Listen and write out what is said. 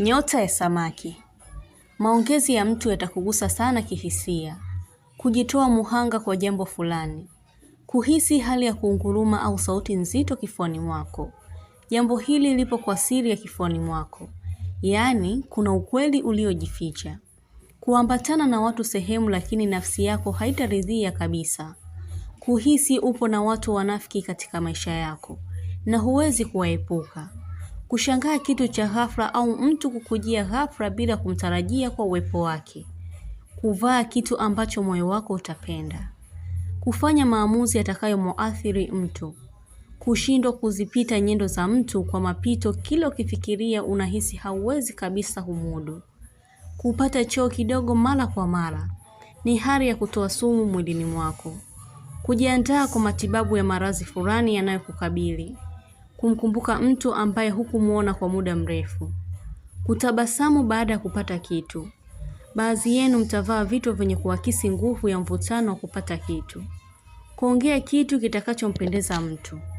Nyota ya samaki. Maongezi ya mtu yatakugusa sana kihisia. Kujitoa muhanga kwa jambo fulani. Kuhisi hali ya kunguruma au sauti nzito kifuani mwako. Jambo hili lipo kwa siri ya kifuani mwako, yaani kuna ukweli uliojificha. Kuambatana na watu sehemu, lakini nafsi yako haitaridhia kabisa. Kuhisi upo na watu wanafiki katika maisha yako na huwezi kuwaepuka kushangaa kitu cha ghafla au mtu kukujia ghafla bila kumtarajia kwa uwepo wake, kuvaa kitu ambacho moyo wako utapenda, kufanya maamuzi yatakayomwathiri mtu, kushindwa kuzipita nyendo za mtu kwa mapito, kila ukifikiria unahisi hauwezi kabisa humudu, kupata choo kidogo mara kwa mara, ni hali ya kutoa sumu mwilini mwako, kujiandaa kwa matibabu ya maradhi fulani yanayokukabili kumkumbuka mtu ambaye hukumwona kwa muda mrefu, kutabasamu baada ya kupata kitu. Baadhi yenu mtavaa vitu vyenye kuakisi nguvu ya mvutano wa kupata kitu, kuongea kitu kitakachompendeza mtu.